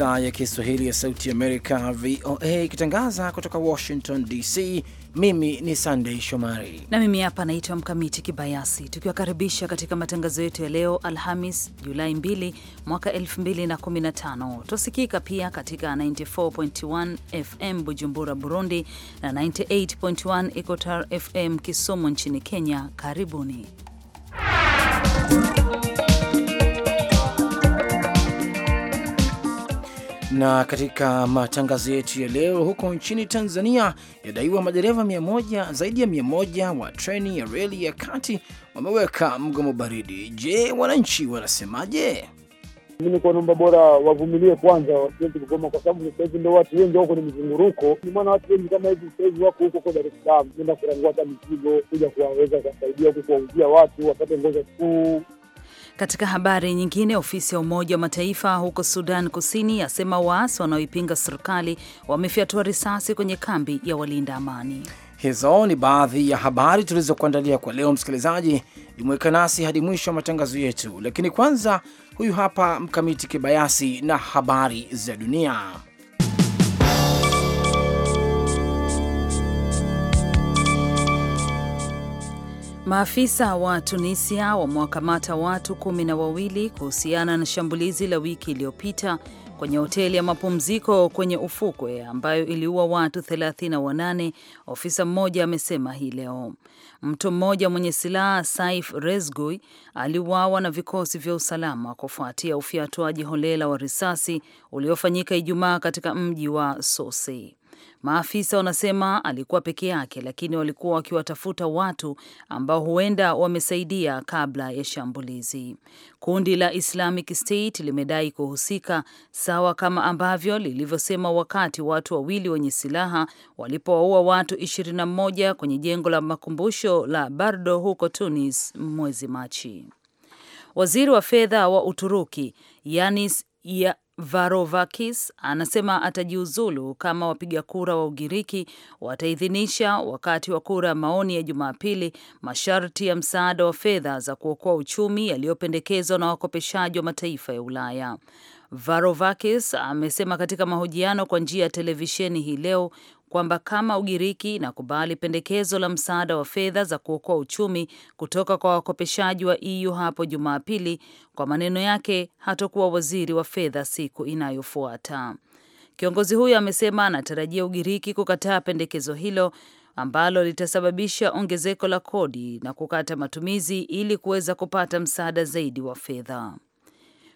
idhaa ya Kiswahili ya Sauti Amerika, VOA, ikitangaza kutoka Washington DC. Mimi ni Sandei Shomari na mimi hapa naitwa Mkamiti Kibayasi, tukiwakaribisha katika matangazo yetu ya leo Alhamis Julai 2 mwaka 2015. Tusikika pia katika 94.1 FM Bujumbura, Burundi na 98.1 Equator FM Kisumu nchini Kenya. Karibuni Na katika matangazo yetu ya leo, huko nchini Tanzania yadaiwa madereva mia moja zaidi ya mia moja wa treni ya reli ya kati wameweka mgomo baridi. Je, wananchi wanasemaje? Mimi kwa namba bora wavumilie kwanza, wasiwezi kugoma kwa sababu sasa hivi ndio watu wengi wako ni mzunguruko. Ni maana watu wengi kama hivi sasa hivi wako huko kwa Dar es Salaam kwenda kurangua hata mizigo kuja kuwaweza kusaidia huku kuwauzia watu wapate ngoza kuu katika habari nyingine, ofisi ya Umoja wa Mataifa huko Sudan Kusini yasema waasi wanaoipinga serikali wamefyatua risasi kwenye kambi ya walinda amani. Hizo ni baadhi ya habari tulizokuandalia kwa leo. Msikilizaji, jumuika nasi hadi mwisho wa matangazo yetu, lakini kwanza, huyu hapa Mkamiti Kibayasi na habari za dunia. Maafisa wa Tunisia wamewakamata watu kumi na wawili kuhusiana na shambulizi la wiki iliyopita kwenye hoteli ya mapumziko kwenye ufukwe ambayo iliua watu 38, ofisa mmoja amesema hii leo. Mtu mmoja mwenye silaha Saif Rezgui aliuawa na vikosi vya usalama kufuatia ufyatuaji holela wa risasi uliofanyika Ijumaa katika mji wa Sousse. Maafisa wanasema alikuwa peke yake, lakini walikuwa wakiwatafuta watu ambao huenda wamesaidia kabla ya shambulizi. Kundi la Islamic State limedai kuhusika, sawa kama ambavyo lilivyosema wakati watu wawili wenye silaha walipowaua watu 21 kwenye jengo la makumbusho la Bardo huko Tunis mwezi Machi. Waziri wa fedha wa Uturuki Yanis ya Varovakis anasema atajiuzulu kama wapiga kura wa Ugiriki wataidhinisha wakati wa kura ya maoni ya Jumapili masharti ya msaada wa fedha za kuokoa uchumi yaliyopendekezwa na wakopeshaji wa mataifa ya Ulaya. varovakis amesema katika mahojiano kwa njia ya televisheni hii leo kwamba kama Ugiriki inakubali pendekezo la msaada wa fedha za kuokoa uchumi kutoka kwa wakopeshaji wa EU hapo Jumapili. Kwa maneno yake, hatokuwa waziri wa fedha siku inayofuata. Kiongozi huyo amesema anatarajia Ugiriki kukataa pendekezo hilo ambalo litasababisha ongezeko la kodi na kukata matumizi ili kuweza kupata msaada zaidi wa fedha.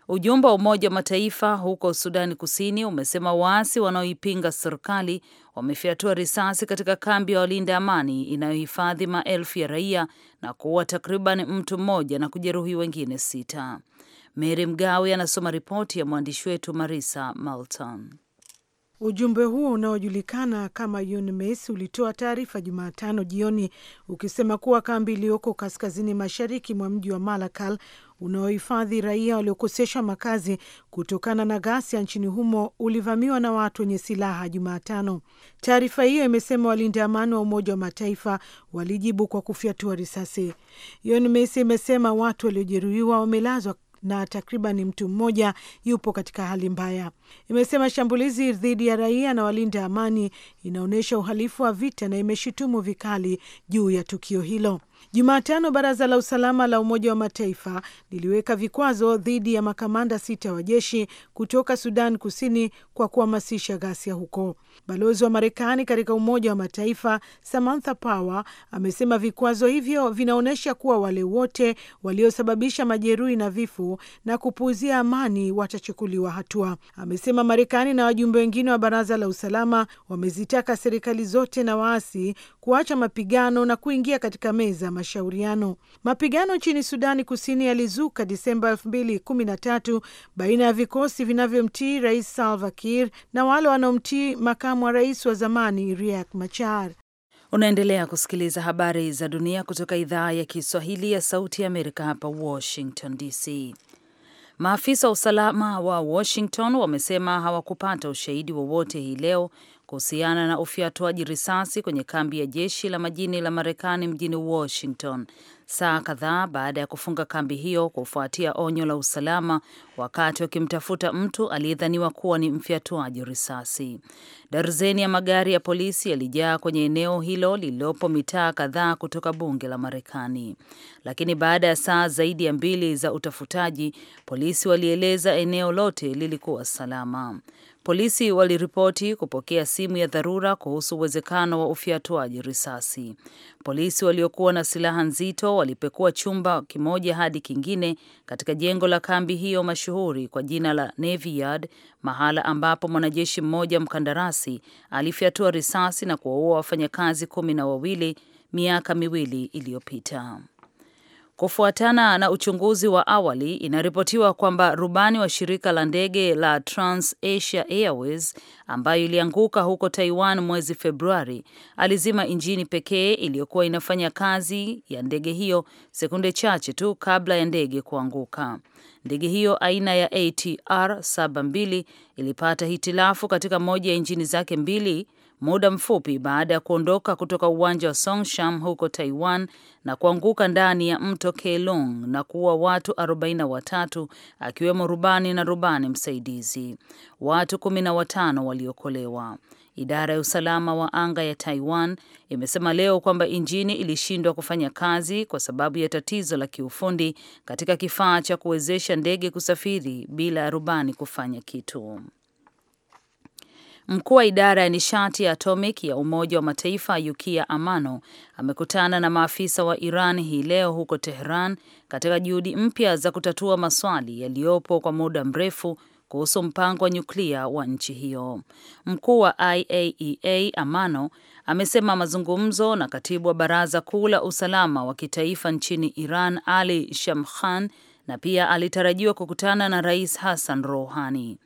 Ujumbe wa Umoja wa Mataifa huko Sudani Kusini umesema waasi wanaoipinga serikali wamefyatua risasi katika kambi ya walinda amani inayohifadhi maelfu ya raia na kuua takriban mtu mmoja na kujeruhi wengine sita. mery Mgawe anasoma ripoti ya mwandishi wetu Marisa Malton. Ujumbe huo unaojulikana kama UNMISS ulitoa taarifa Jumatano jioni ukisema kuwa kambi iliyoko kaskazini mashariki mwa mji wa Malakal unaohifadhi raia waliokoseshwa makazi kutokana na ghasia nchini humo ulivamiwa na watu wenye silaha Jumatano. Taarifa hiyo imesema walinda amani wa Umoja wa Mataifa walijibu kwa kufyatua risasi. UNMISS imesema watu waliojeruhiwa wamelazwa na takriban mtu mmoja yupo katika hali mbaya. Imesema shambulizi dhidi ya raia na walinda amani inaonyesha uhalifu wa vita na imeshutumu vikali juu ya tukio hilo. Jumatano baraza la usalama la Umoja wa Mataifa liliweka vikwazo dhidi ya makamanda sita wa jeshi kutoka Sudan Kusini kwa kuhamasisha ghasia huko. Balozi wa Marekani katika Umoja wa Mataifa Samantha Power amesema vikwazo hivyo vinaonyesha kuwa wale wote waliosababisha majeruhi na vifo na kupuuzia amani watachukuliwa hatua. Amesema Marekani na wajumbe wengine wa baraza la usalama wamezitaka serikali zote na waasi kuacha mapigano na kuingia katika meza mashauriano. Mapigano nchini Sudani Kusini yalizuka Disemba 2013 baina ya vikosi vinavyomtii Rais Salva Kiir na wale wanaomtii makamu wa rais wa zamani Riek Machar. Unaendelea kusikiliza habari za dunia kutoka idhaa ya Kiswahili ya Sauti ya Amerika, hapa Washington DC. Maafisa wa usalama wa Washington wamesema hawakupata ushahidi wowote hii leo kuhusiana na ufyatuaji risasi kwenye kambi ya jeshi la majini la Marekani mjini Washington saa kadhaa baada ya kufunga kambi hiyo kufuatia onyo la usalama wakati wakimtafuta mtu aliyedhaniwa kuwa ni mfyatuaji risasi. Darzeni ya magari ya polisi yalijaa kwenye eneo hilo lililopo mitaa kadhaa kutoka bunge la Marekani, lakini baada ya saa zaidi ya mbili za utafutaji, polisi walieleza eneo lote lilikuwa salama. Polisi waliripoti kupokea simu ya dharura kuhusu uwezekano wa ufyatuaji risasi. Polisi waliokuwa na silaha nzito walipekua chumba kimoja hadi kingine katika jengo la kambi hiyo mashuhuri kwa jina la Navy Yard, mahala ambapo mwanajeshi mmoja mkandarasi alifyatua risasi na kuwaua wafanyakazi kumi na wawili miaka miwili iliyopita. Kufuatana na uchunguzi wa awali, inaripotiwa kwamba rubani wa shirika la ndege la TransAsia Airways ambayo ilianguka huko Taiwan mwezi Februari alizima injini pekee iliyokuwa inafanya kazi ya ndege hiyo sekunde chache tu kabla ya ndege kuanguka. Ndege hiyo aina ya ATR 72 ilipata hitilafu katika moja ya injini zake mbili muda mfupi baada ya kuondoka kutoka uwanja wa Songsham huko Taiwan na kuanguka ndani ya mto Kelong na kuua watu 43 akiwemo rubani na rubani msaidizi. Watu 15 waliokolewa. Idara ya usalama wa anga ya Taiwan imesema leo kwamba injini ilishindwa kufanya kazi kwa sababu ya tatizo la kiufundi katika kifaa cha kuwezesha ndege kusafiri bila ya rubani kufanya kitu. Mkuu wa idara ya nishati ya atomic ya Umoja wa Mataifa Yukia Amano amekutana na maafisa wa Iran hii leo huko Tehran katika juhudi mpya za kutatua maswali yaliyopo kwa muda mrefu kuhusu mpango wa nyuklia wa nchi hiyo. Mkuu wa IAEA e Amano amesema mazungumzo na katibu wa Baraza Kuu la Usalama wa Kitaifa nchini Iran Ali Shamkhan na pia alitarajiwa kukutana na Rais Hassan Rouhani.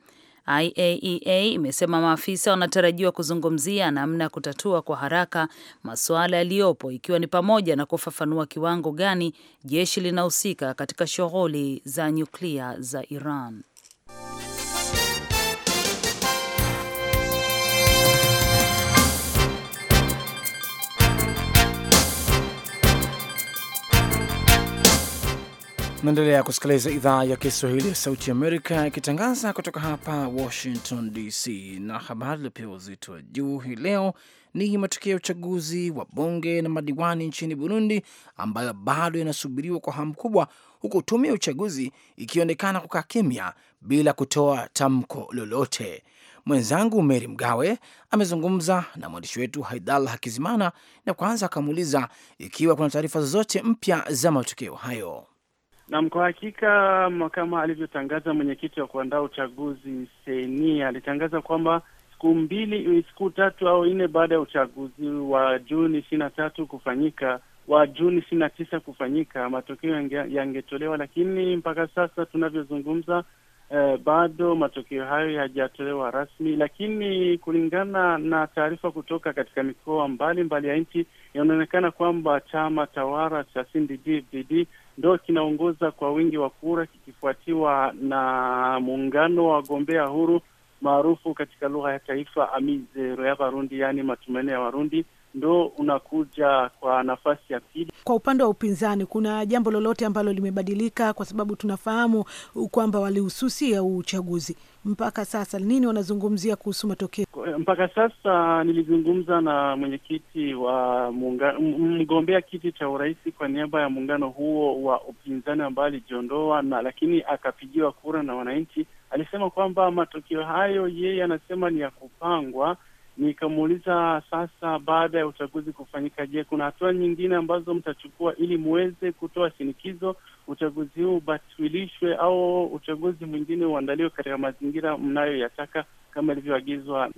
IAEA e imesema maafisa wanatarajiwa kuzungumzia namna ya kutatua kwa haraka masuala yaliyopo ikiwa ni pamoja na kufafanua kiwango gani jeshi linahusika katika shughuli za nyuklia za Iran. Naendelea kusikiliza idhaa ya Kiswahili ya Sauti Amerika ikitangaza kutoka hapa Washington DC. Na habari iliyopewa uzito wa juu hii leo ni matokeo ya uchaguzi wa bunge na madiwani nchini Burundi, ambayo bado yanasubiriwa kwa hamu kubwa, huku tume ya uchaguzi ikionekana kukaa kimya bila kutoa tamko lolote. Mwenzangu Meri Mgawe amezungumza na mwandishi wetu Haidal Hakizimana na kwanza akamuuliza ikiwa kuna taarifa zozote mpya za matokeo hayo. Nam, kwa hakika kama alivyotangaza mwenyekiti wa kuandaa uchaguzi Seni alitangaza kwamba siku mbili, siku tatu au nne baada ya uchaguzi wa Juni ishirini na tatu kufanyika wa Juni ishirini na tisa kufanyika, matokeo yangetolewa yange, lakini mpaka sasa tunavyozungumza eh, bado matokeo hayo hayajatolewa rasmi, lakini kulingana na taarifa kutoka katika mikoa mbalimbali ya nchi inaonekana kwamba chama tawala cha CNDD-FDD ndo kinaongoza kwa wingi wa kura kikifuatiwa na muungano wa wagombea huru maarufu katika lugha ya taifa Amizero ya Warundi, yaani matumaini ya Warundi ndo unakuja kwa nafasi ya pili. Kwa upande wa upinzani, kuna jambo lolote ambalo limebadilika? Kwa sababu tunafahamu kwamba walihususia huu uchaguzi mpaka sasa, nini wanazungumzia kuhusu matokeo? Mpaka sasa nilizungumza na mwenyekiti wa mgombea kiti cha urais kwa niaba ya muungano huo wa upinzani ambayo alijiondoa na lakini akapigiwa kura na wananchi, alisema kwamba matokeo hayo yeye anasema ni ya kupangwa Nikamuuliza sasa, baada ya uchaguzi kufanyika, je, kuna hatua nyingine ambazo mtachukua ili muweze kutoa shinikizo uchaguzi huu ubatilishwe au uchaguzi mwingine uandaliwe katika mazingira mnayoyataka kama ilivyoagizwa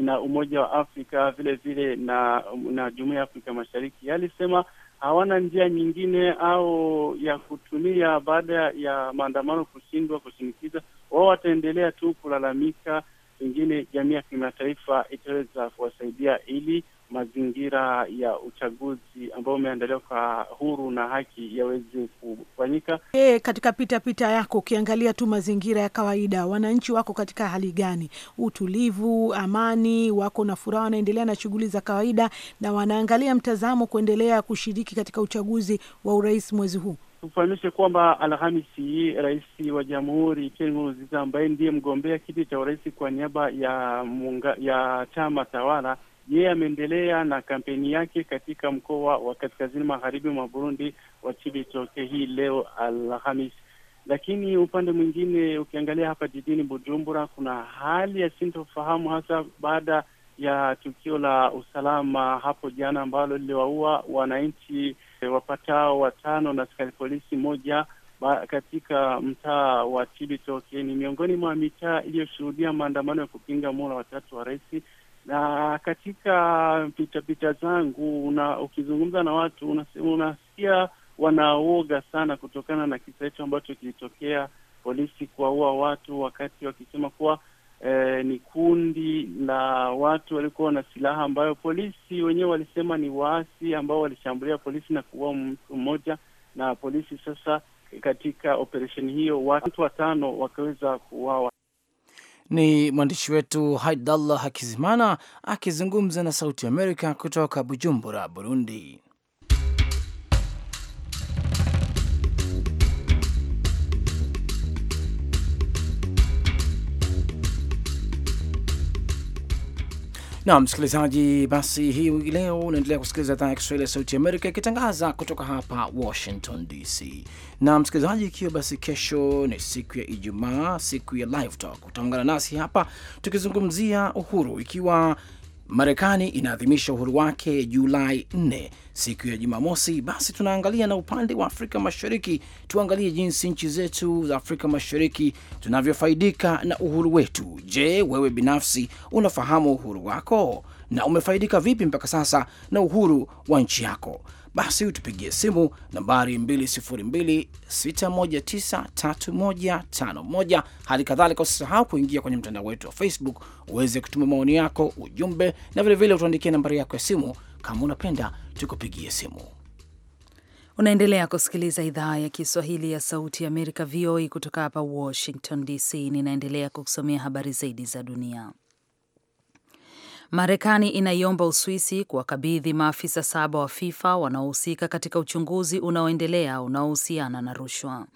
na Umoja wa Afrika vile vile na, na Jumuiya ya Afrika Mashariki. Alisema hawana njia nyingine au ya kutumia baada ya maandamano kushindwa kushinikiza, wao wataendelea tu kulalamika pengine jamii ya kimataifa itaweza kuwasaidia ili mazingira ya uchaguzi ambao umeandaliwa kwa huru na haki yaweze kufanyika. E, katika pitapita pita yako ukiangalia tu mazingira ya kawaida, wananchi wako katika hali gani? Utulivu, amani, wako na furaha, wanaendelea na shughuli za kawaida na wanaangalia mtazamo kuendelea kushiriki katika uchaguzi wa urais mwezi huu? Tufahamishe kwamba Alhamisi rais wa jamhuri Pierre Nkurunziza ambaye ndiye mgombea kiti cha urais kwa niaba ya munga, ya chama tawala, yeye ameendelea na kampeni yake katika mkoa wa kaskazini magharibi mwa Burundi wa Cibitoke hii leo Alhamisi. Lakini upande mwingine, ukiangalia hapa jijini Bujumbura, kuna hali ya sintofahamu hasa baada ya tukio la usalama hapo jana ambalo liliwaua wananchi Eh, wapatao watano na askari polisi moja ba, katika mtaa wa Cibitoke ni miongoni mwa mitaa iliyoshuhudia maandamano ya kupinga muhula watatu wa rais. Na katika pita zangu una, ukizungumza na watu unasikia wanaoga sana kutokana na kisa hicho ambacho kilitokea polisi kuwaua watu, wakati wakisema kuwa eh, ni kundi la watu walikuwa na silaha ambayo polisi wenyewe walisema ni waasi ambao walishambulia polisi na kuua mtu mmoja, na polisi sasa katika operesheni hiyo watu watano wakaweza kuuawa. Ni mwandishi wetu Haidallah Hakizimana akizungumza na Sauti Amerika kutoka Bujumbura, Burundi. na msikilizaji, basi hii wiki leo unaendelea kusikiliza idhaa ya Kiswahili ya Sauti Amerika ikitangaza kutoka hapa Washington DC. Na msikilizaji, ikiwa basi kesho ni siku ya Ijumaa, siku ya Live Talk, utaungana nasi hapa tukizungumzia uhuru, ikiwa Marekani inaadhimisha uhuru wake Julai 4 siku ya Jumamosi. Basi tunaangalia na upande wa Afrika Mashariki, tuangalie jinsi nchi zetu za Afrika Mashariki tunavyofaidika na uhuru wetu. Je, wewe binafsi unafahamu uhuru wako na umefaidika vipi mpaka sasa na uhuru wa nchi yako? basi utupigie simu nambari 2026193151. Hali kadhalika usisahau kuingia kwenye mtandao wetu wa Facebook uweze kutuma maoni yako, ujumbe na vilevile utuandikie nambari yako ya simu kama unapenda tukupigie simu. Unaendelea kusikiliza idhaa ya Kiswahili ya Sauti ya Amerika, VOA, kutoka hapa Washington DC. Ninaendelea kukusomea habari zaidi za dunia. Marekani inaiomba Uswisi kuwakabidhi maafisa saba wa FIFA wanaohusika katika uchunguzi unaoendelea unaohusiana na rushwa.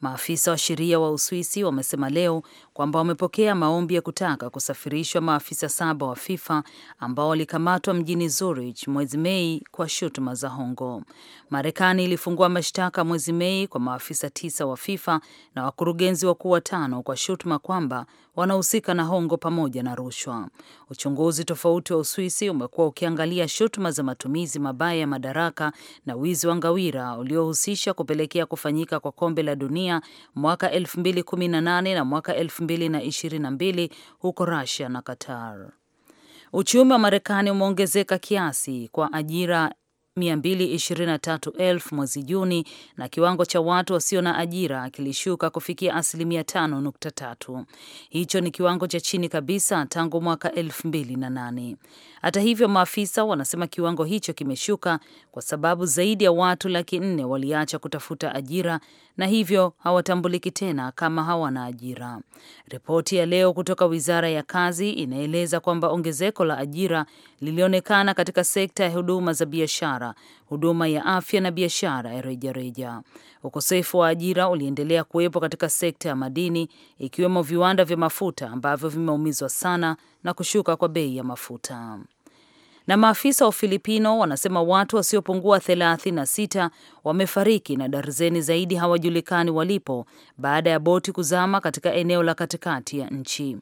Maafisa wa sheria wa Uswisi wamesema leo kwamba wamepokea maombi ya kutaka kusafirishwa maafisa saba wa FIFA ambao walikamatwa mjini Zurich mwezi Mei kwa shutuma za hongo. Marekani ilifungua mashtaka mwezi Mei kwa maafisa tisa wa FIFA na wakurugenzi wakuu watano kwa shutuma kwamba wanahusika na hongo pamoja na rushwa. Uchunguzi tofauti wa Uswisi umekuwa ukiangalia shutuma za matumizi mabaya ya madaraka na wizi wa ngawira uliohusisha kupelekea kufanyika kwa kombe la dunia mwaka 2018 na mwaka 2022 huko Russia na Qatar. Uchumi wa Marekani umeongezeka kiasi kwa ajira 223,000 mwezi Juni na kiwango cha watu wasio na ajira kilishuka kufikia asilimia 5.3. Hicho ni kiwango cha chini kabisa tangu mwaka 2008. Hata hivyo, maafisa wanasema kiwango hicho kimeshuka kwa sababu zaidi ya watu laki nne waliacha kutafuta ajira na hivyo hawatambuliki tena kama hawana ajira. Ripoti ya leo kutoka Wizara ya Kazi inaeleza kwamba ongezeko la ajira lilionekana katika sekta ya huduma za biashara biashara, huduma ya afya na biashara ya rejareja. Ukosefu wa ajira uliendelea kuwepo katika sekta ya madini, ikiwemo viwanda vya mafuta ambavyo vimeumizwa sana na kushuka kwa bei ya mafuta na maafisa wa Filipino wanasema watu wasiopungua 36 wamefariki na darzeni zaidi hawajulikani walipo baada ya boti kuzama katika eneo la katikati ya nchi.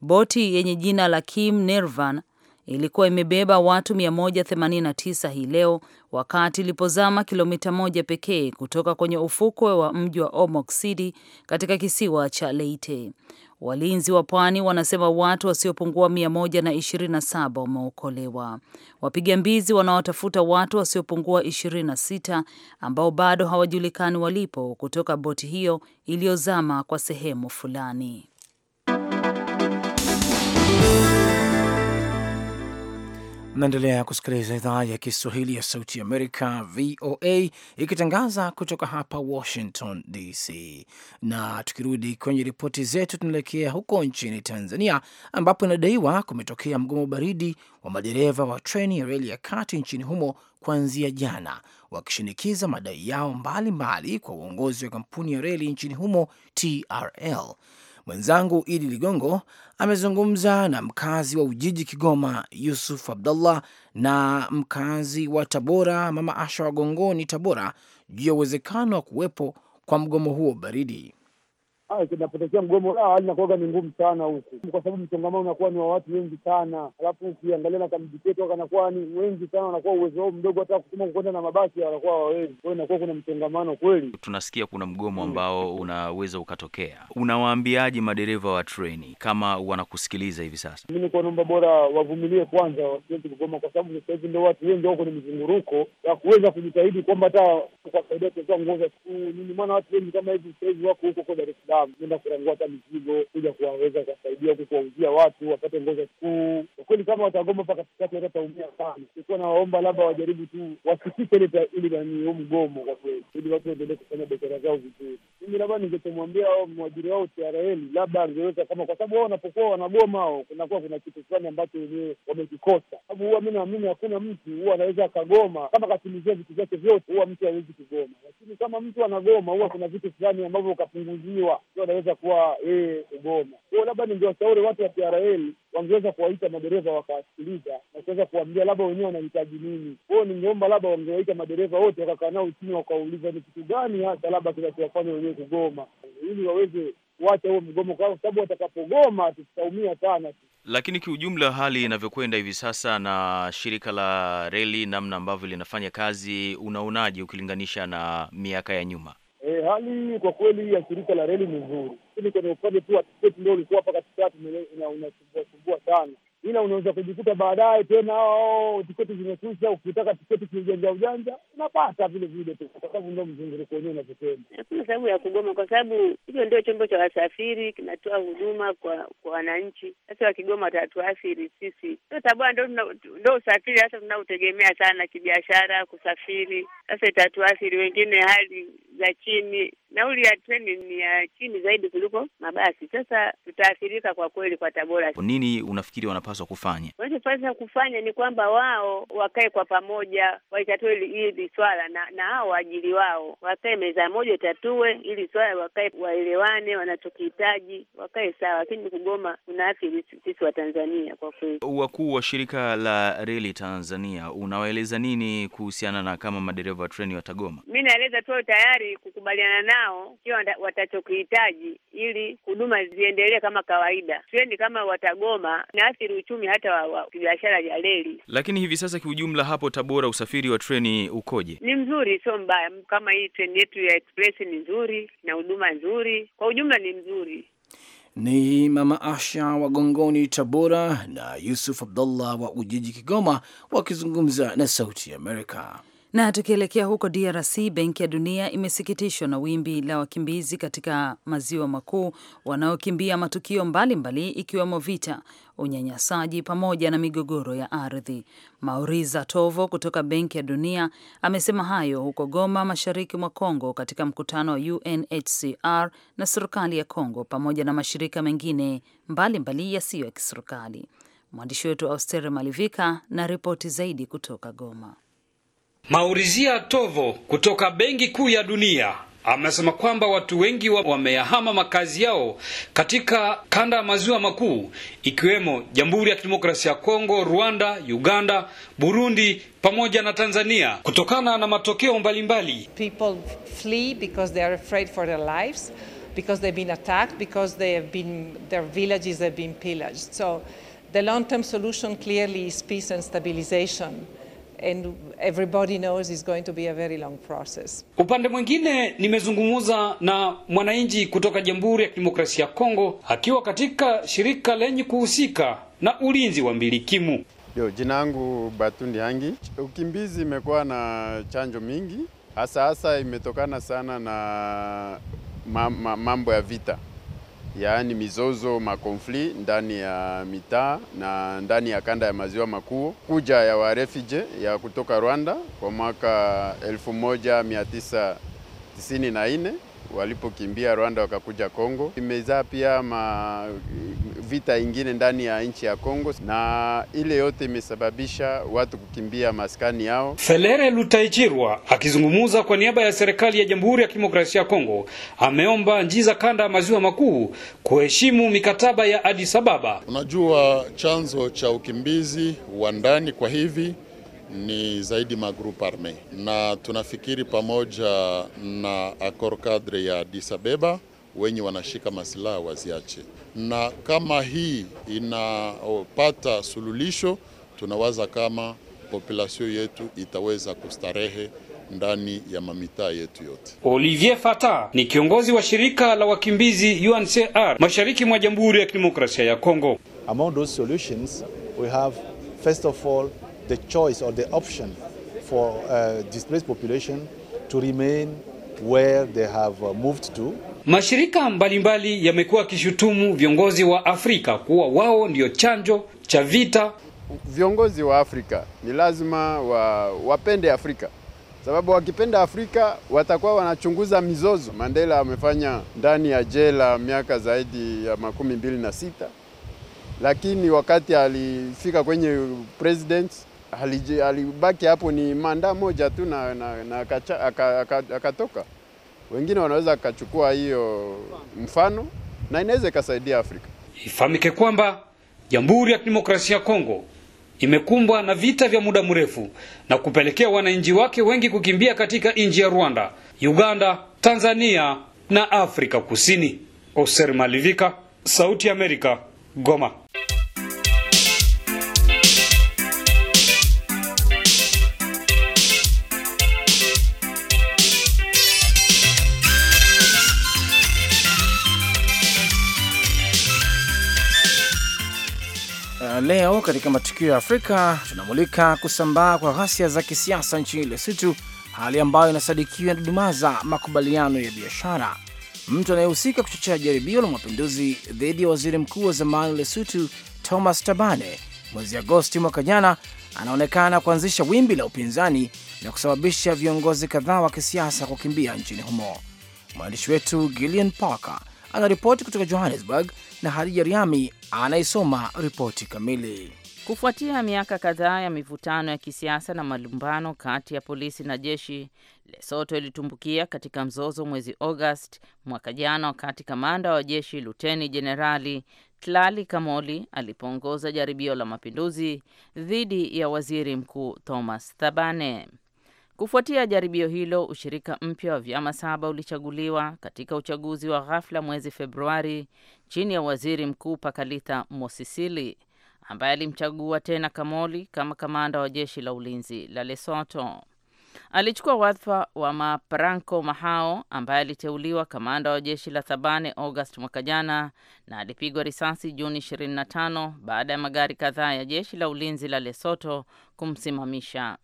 Boti yenye jina la Kim Nervan ilikuwa imebeba watu 189 hii leo wakati ilipozama kilomita moja pekee kutoka kwenye ufukwe wa mji wa Omok City katika kisiwa cha Leyte. Walinzi wa pwani wanasema watu wasiopungua 127 wameokolewa. Wapiga mbizi wanaotafuta watu wasiopungua 26 ambao bado hawajulikani walipo kutoka boti hiyo iliyozama kwa sehemu fulani. Mnaendelea kusikiliza idhaa ya Kiswahili ya Sauti Amerika, VOA, ikitangaza kutoka hapa Washington DC. Na tukirudi kwenye ripoti zetu, tunaelekea huko nchini Tanzania, ambapo inadaiwa kumetokea mgomo baridi wa madereva wa treni ya reli ya kati nchini humo kuanzia jana, wakishinikiza madai yao mbalimbali mbali kwa uongozi wa kampuni ya reli nchini humo TRL. Mwenzangu Idi Ligongo amezungumza na mkazi wa Ujiji, Kigoma, Yusuf abdullah na mkazi wa Tabora, Mama Asha wagongoni Tabora, juu ya uwezekano wa kuwepo kwa mgomo huo baridi. Ah, inapotokea mgomo ah, hali linakuwaga ni ngumu sana huku, kwa sababu msongamano unakuwa ni wa watu wengi sana, alafu ukiangalia na kamjiketu kanakuwa ni wengi sana, wanakuwa uwezo wao mdogo, hata kusema kwenda na mabasi wanakuwa hawawezi. Kwa hiyo inakuwa kuna msongamano kweli. Tunasikia kuna mgomo mm. ambao unaweza ukatokea, unawaambiaje madereva wa treni kama wanakusikiliza hivi sasa? Mi nikuwa naomba bora wavumilie kwanza, wasiwezi kugoma, kwa sababu sasa hivi ndio watu wengi wako kwenye mzunguruko ya kuweza kujitahidi kwamba hata kuwasaidia kuweza nguo za sikuu nini, maana watu wengi kama hivi sasa hivi wako huko Dar es Salaam Salaam kwenda kurangua hata mizigo, kuja kuwaweza kuwasaidia huku, kuwauzia watu wapate ngozi kuu. Kwa kweli, kama watagoma pa katikati, taumia sana. Nilikuwa nawaomba labda wajaribu tu wasifike ile ili nani huu mgomo, kwa kweli, ili watu waendelee kufanya biashara zao vizuri mimi labda ningechomwambia au mwajiri wao TRA labda angeweza kama, kwa sababu wao wanapokuwa wanagoma wao kunakuwa kuna kitu fulani ambacho wenyewe wamekikosa, sababu huwa mi naamini hakuna mtu huwa anaweza akagoma kama katimizia vitu vyake vyote, huwa mtu hawezi kugoma. Lakini kama mtu anagoma, huwa kuna vitu fulani ambavyo ukapunguziwa, ndio anaweza kuwa yeye kugoma. Kwao labda ningewashauri watu wa TRA wangeweza kuwaita madereva wakawasikiliza na kuweza kuwaambia labda wenyewe wanahitaji nini. Kwao ningeomba labda wangewaita madereva wote wakakaa nao chini wakauliza ni kitu gani hasa labda kinakiwafanya wenyewe kugoma, ili waweze kuacha huo mgomo, kwa sababu watakapogoma tutaumia sana tu. Lakini kiujumla hali inavyokwenda hivi sasa na shirika la reli, namna ambavyo linafanya kazi, unaonaje ukilinganisha na miaka ya nyuma? E, hali kwa kweli ya shirika la reli ni nzuri lakini kwenye upande tu wa tiketi ndio ulikuwa hapa katikati unasumbuasumbua sana, ila unaweza kujikuta baadaye tena oh, oh, tiketi zimekwisha. Ukitaka tiketi kiujanja ujanja unapata vile vile tu, kwa sababu ndio mzunguruko wenyewe unavyosema. Hakuna sababu ya kugoma, kwa sababu hivyo ndio chombo cha wasafiri, kinatoa huduma kwa kwa wananchi. Sasa wakigoma watatuathiri sisi. Tabora ndio usafiri hasa tunautegemea sana kibiashara, kusafiri. Sasa itatuathiri wengine hali za chini nauli ya treni ni ya chini zaidi kuliko mabasi. Sasa tutaathirika kwa kweli kwa Tabora. Nini unafikiri wanapaswa kufanya? Wanachopaswa kufanya ni kwamba wao wakae kwa pamoja, waitatue hili swala na, na hao waajili wao wakae meza moja, itatue ili swala, wakae waelewane, wanachokihitaji wakae sawa, lakini kugoma unaathiri sisi wa Tanzania kwa kweli. Wakuu wa shirika la reli Tanzania, unawaeleza nini kuhusiana na kama madereva wa treni watagoma? Mi naeleza tu tayari kukubaliana nao nao sio watachokihitaji ili huduma ziendelee kama kawaida. Sioni kama watagoma, naathiri uchumi hata wa biashara ya reli. Lakini hivi sasa kiujumla, hapo Tabora, usafiri wa treni ukoje? Ni mzuri, sio mbaya. Kama hii treni yetu ya express ni nzuri na huduma nzuri, kwa ujumla ni mzuri. Ni Mama Asha wa Gongoni, Tabora, na Yusuf Abdullah wa Ujiji, Kigoma, wakizungumza na Sauti ya Amerika. Na tukielekea huko DRC, Benki ya Dunia imesikitishwa na wimbi la wakimbizi katika maziwa makuu wanaokimbia matukio mbalimbali ikiwemo vita, unyanyasaji pamoja na migogoro ya ardhi. Mauriza Tovo kutoka Benki ya Dunia amesema hayo huko Goma, mashariki mwa Kongo, katika mkutano wa UNHCR na serikali ya Kongo pamoja na mashirika mengine mbalimbali yasiyo ya kiserikali. Mwandishi wetu Austere Malivika na ripoti zaidi kutoka Goma. Maurizia Tovo kutoka Benki Kuu ya Dunia amesema kwamba watu wengi wameyahama makazi yao katika kanda ya maziwa makuu ikiwemo Jamhuri ya Kidemokrasia ya Kongo, Rwanda, Uganda, Burundi pamoja na Tanzania kutokana na matokeo mbalimbali. People flee because they are afraid for their lives because they've been attacked because they have been their villages have been pillaged. So the long-term solution clearly is peace and stabilization and everybody knows it's going to be a very long process. Upande mwingine nimezungumza na mwananchi kutoka Jamhuri ya Kidemokrasia ya Kongo akiwa katika shirika lenye kuhusika na ulinzi wa mbilikimu. Yo, jina langu Batundi Hangi. Ukimbizi imekuwa na chanjo mingi, hasa hasa imetokana sana na mambo ya vita yaani mizozo makonfli ndani ya mitaa na ndani ya kanda ya maziwa makuu. Kuja ya warefije ya kutoka Rwanda kwa mwaka 1994 walipokimbia Rwanda wakakuja Kongo, imezaa pia ma vita ingine ndani ya nchi ya Kongo, na ile yote imesababisha watu kukimbia maskani yao. Felere Lutaijirwa akizungumza kwa niaba ya serikali ya Jamhuri ya Kidemokrasia ya Kongo ameomba nchi za kanda ya maziwa makuu kuheshimu mikataba ya Addis Ababa. Unajua chanzo cha ukimbizi wa ndani kwa hivi ni zaidi magrup arme, na tunafikiri pamoja na akor kadre ya Addis Ababa wenye wanashika masilaha waziache, na kama hii inapata sululisho, tunawaza kama population yetu itaweza kustarehe ndani ya mamitaa yetu yote. Olivier Fata ni kiongozi wa shirika la wakimbizi UNHCR Mashariki mwa Jamhuri ya Kidemokrasia ya Kongo. Among those solutions we have first of all the choice or the option for uh, displaced population to remain where they have uh, moved to Mashirika mbalimbali yamekuwa yakishutumu viongozi wa Afrika kuwa wao ndio chanjo cha vita. Viongozi wa Afrika ni lazima wa, wapende Afrika sababu wakipenda Afrika watakuwa wanachunguza mizozo. Mandela amefanya ndani ya jela miaka zaidi ya makumi mbili na sita, lakini wakati alifika kwenye president alibaki hapo ni manda moja tu na akatoka. Wengine wanaweza akachukua hiyo mfano na inaweza ikasaidia Afrika. Ifahamike kwamba Jamhuri ya Kidemokrasia ya Kongo imekumbwa na vita vya muda mrefu na kupelekea wananchi wake wengi kukimbia katika nchi ya Rwanda, Uganda, Tanzania na Afrika Kusini. Oser Malivika, Sauti ya Amerika, Goma. leo katika matukio ya Afrika tunamulika kusambaa kwa ghasia za kisiasa nchini Lesotho, hali ambayo inasadikiwa inadumaza makubaliano ya biashara. Mtu anayehusika kuchochea jaribio la mapinduzi dhidi ya waziri mkuu wa zamani Lesotho, Thomas Tabane, mwezi Agosti mwaka jana, anaonekana kuanzisha wimbi la upinzani na kusababisha viongozi kadhaa wa kisiasa kukimbia nchini humo. Mwandishi wetu Gillian Parker anaripoti kutoka Johannesburg na Hadija Riami anayesoma ripoti kamili. Kufuatia miaka kadhaa ya mivutano ya kisiasa na malumbano kati ya polisi na jeshi, Lesoto ilitumbukia katika mzozo mwezi Agosti mwaka jana, wakati kamanda wa jeshi Luteni Jenerali Tlali Kamoli alipoongoza jaribio la mapinduzi dhidi ya waziri mkuu Thomas Thabane. Kufuatia jaribio hilo, ushirika mpya wa vyama saba ulichaguliwa katika uchaguzi wa ghafla mwezi Februari chini ya waziri mkuu Pakalitha Mosisili ambaye alimchagua tena Kamoli kama kamanda wa jeshi la ulinzi la lesoto Alichukua wadhifa wa Mapranko Mahao ambaye aliteuliwa kamanda wa jeshi la Thabane August mwaka jana na alipigwa risasi Juni 25 baada ya magari kadhaa ya jeshi la ulinzi la lesoto kumsimamisha.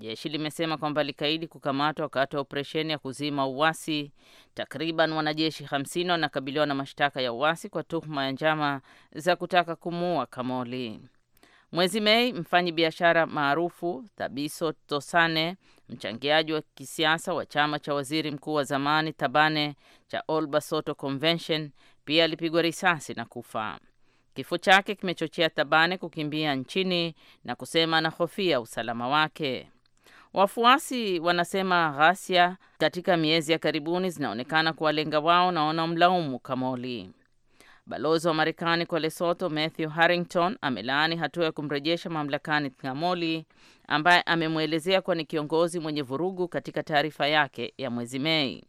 Jeshi limesema kwamba likaidi kukamatwa wakati wa operesheni ya kuzima uwasi Takriban wanajeshi 50 wanakabiliwa na mashtaka ya uwasi kwa tuhuma ya njama za kutaka kumuua Kamoli. Mwezi Mei, mfanyi biashara maarufu Thabiso Tosane, mchangiaji wa kisiasa wa chama cha waziri mkuu wa zamani Tabane cha All Basotho Convention, pia alipigwa risasi na kufa. Kifo chake kimechochea Tabane kukimbia nchini na kusema anahofia usalama wake. Wafuasi wanasema ghasia katika miezi ya karibuni zinaonekana kuwalenga wao na wanamlaumu Kamoli. Balozi wa Marekani kwa lesoto Matthew Harrington amelaani hatua ya kumrejesha mamlakani kamoli ambaye amemwelezea kuwa ni kiongozi mwenye vurugu katika taarifa yake ya mwezi Mei.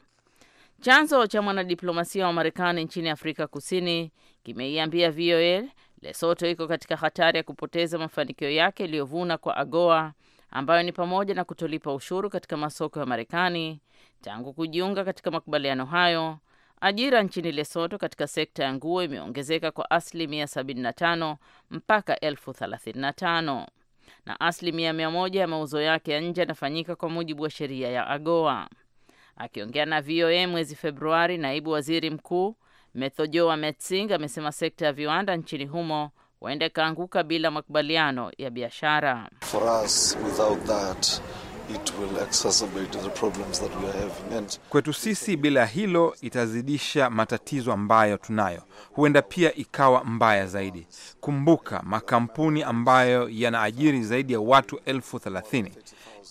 Chanzo cha mwanadiplomasia wa Marekani nchini Afrika Kusini kimeiambia VOA lesoto iko katika hatari ya kupoteza mafanikio yake iliyovuna kwa AGOA ambayo ni pamoja na kutolipa ushuru katika masoko ya Marekani tangu kujiunga katika makubaliano hayo. Ajira nchini Lesoto katika sekta ya nguo imeongezeka kwa asilimia 75 mpaka elfu 35 na asilimia mia moja ya mauzo yake ya nje yanafanyika kwa mujibu wa sheria ya AGOA. Akiongea na VOA mwezi Februari, naibu waziri mkuu Methojoa Metsing amesema sekta ya viwanda nchini humo huenda ikaanguka bila makubaliano ya biashara. Kwetu sisi bila hilo itazidisha matatizo ambayo tunayo, huenda pia ikawa mbaya zaidi. Kumbuka, makampuni ambayo yanaajiri zaidi ya watu elfu thelathini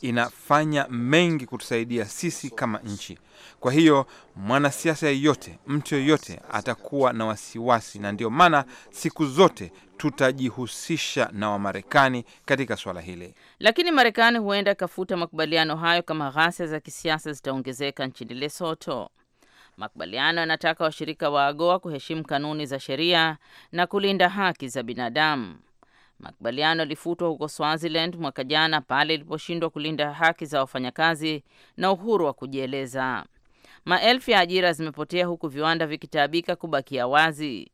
inafanya mengi kutusaidia sisi kama nchi. Kwa hiyo mwanasiasa yeyote, mtu yeyote atakuwa na wasiwasi, na ndiyo maana siku zote tutajihusisha na Wamarekani katika swala hili. Lakini Marekani huenda ikafuta makubaliano hayo kama ghasia za kisiasa zitaongezeka nchini Lesoto. Makubaliano yanataka washirika wa AGOA kuheshimu kanuni za sheria na kulinda haki za binadamu. Makubaliano yalifutwa huko Swaziland mwaka jana pale iliposhindwa kulinda haki za wafanyakazi na uhuru wa kujieleza. Maelfu ya ajira zimepotea huku viwanda vikitaabika kubakia wazi.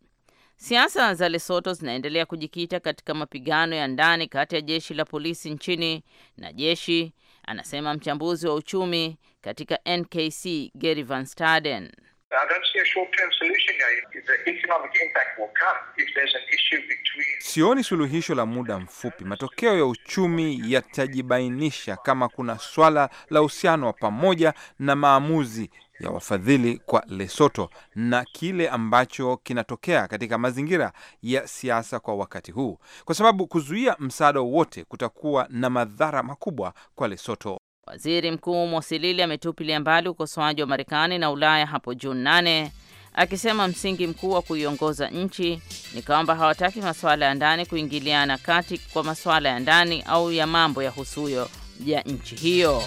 Siasa za Lesotho zinaendelea kujikita katika mapigano ya ndani kati ya jeshi la polisi nchini na jeshi, anasema mchambuzi wa uchumi katika NKC Gary Van Staden. I don't see a short-term solution here. The economic impact will come if there's an issue between... Sioni suluhisho la muda mfupi. Matokeo ya uchumi yatajibainisha kama kuna swala la uhusiano wa pamoja na maamuzi ya wafadhili kwa Lesotho na kile ambacho kinatokea katika mazingira ya siasa kwa wakati huu, kwa sababu kuzuia msaada wote kutakuwa na madhara makubwa kwa Lesotho. Waziri Mkuu Mosilili ametupilia mbali ukosoaji wa Marekani na Ulaya hapo Juni nane akisema msingi mkuu wa kuiongoza nchi ni kwamba hawataki masuala ya ndani kuingiliana kati kwa masuala ya ndani au ya mambo ya husuyo ya nchi hiyo.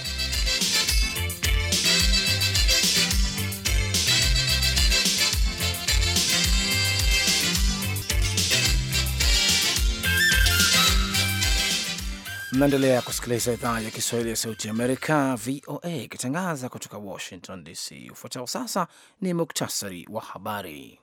Mnaendelea kusikiliza idhaa ya Kiswahili ya Sauti Amerika, VOA, ikitangaza kutoka Washington DC. Ufuatao sasa ni muktasari wa habari.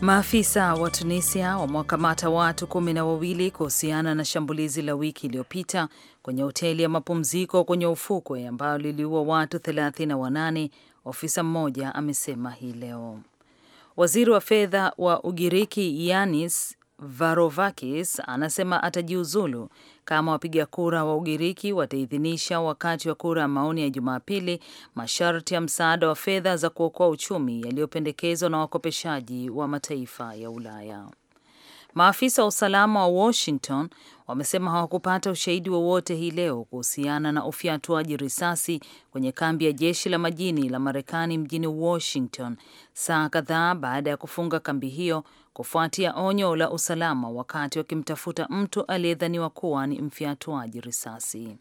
Maafisa wa Tunisia wamewakamata watu kumi na wawili kuhusiana na shambulizi la wiki iliyopita kwenye hoteli ya mapumziko kwenye ufukwe ambayo liliua watu 38, ofisa mmoja amesema hii leo. Waziri wa fedha wa Ugiriki Yanis varovakis anasema atajiuzulu kama wapiga kura wa Ugiriki wataidhinisha wakati wa kura ya maoni ya Jumapili masharti ya msaada wa fedha za kuokoa uchumi yaliyopendekezwa na wakopeshaji wa mataifa ya Ulaya. Maafisa wa usalama wa Washington wamesema hawakupata ushahidi wowote hii leo kuhusiana na ufyatuaji risasi kwenye kambi ya jeshi la majini la Marekani mjini Washington, saa kadhaa baada ya kufunga kambi hiyo kufuatia onyo la usalama wakati wakimtafuta mtu aliyedhaniwa kuwa ni mfyatuaji risasi.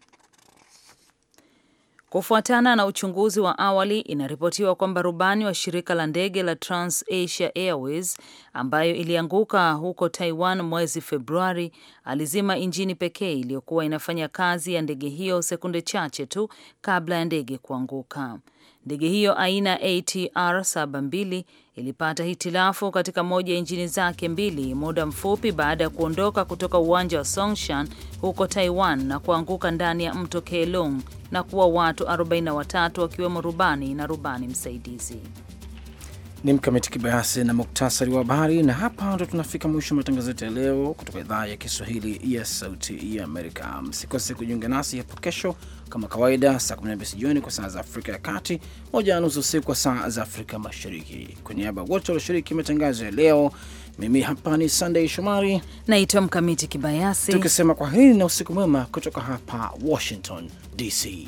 Kufuatana na uchunguzi wa awali, inaripotiwa kwamba rubani wa shirika la ndege la TransAsia Airways ambayo ilianguka huko Taiwan mwezi Februari alizima injini pekee iliyokuwa inafanya kazi ya ndege hiyo sekunde chache tu kabla ya ndege kuanguka. Ndege hiyo aina ATR 72 ilipata hitilafu katika moja ya injini zake mbili muda mfupi baada ya kuondoka kutoka uwanja wa Songshan huko Taiwan na kuanguka ndani ya mto kelung na kuwa watu 43 wakiwemo rubani na rubani msaidizi ni Mkamiti Kibayasi na muktasari wa habari. Na hapa ndo tunafika mwisho wa matangazo yetu ya leo kutoka idhaa ya Kiswahili ya Sauti ya Amerika. Msikose kujiunga nasi hapo kesho kama kawaida, saa 12 jioni kwa saa za Afrika ya Kati, moja na nusu usiku kwa saa za Afrika Mashariki. Kwa niaba wote walioshiriki matangazo ya leo, mimi hapa ni sandey Shomari, naitwa Mkamiti Kibayasi, tukisema kwa na usiku mwema kutoka hapa Washington DC.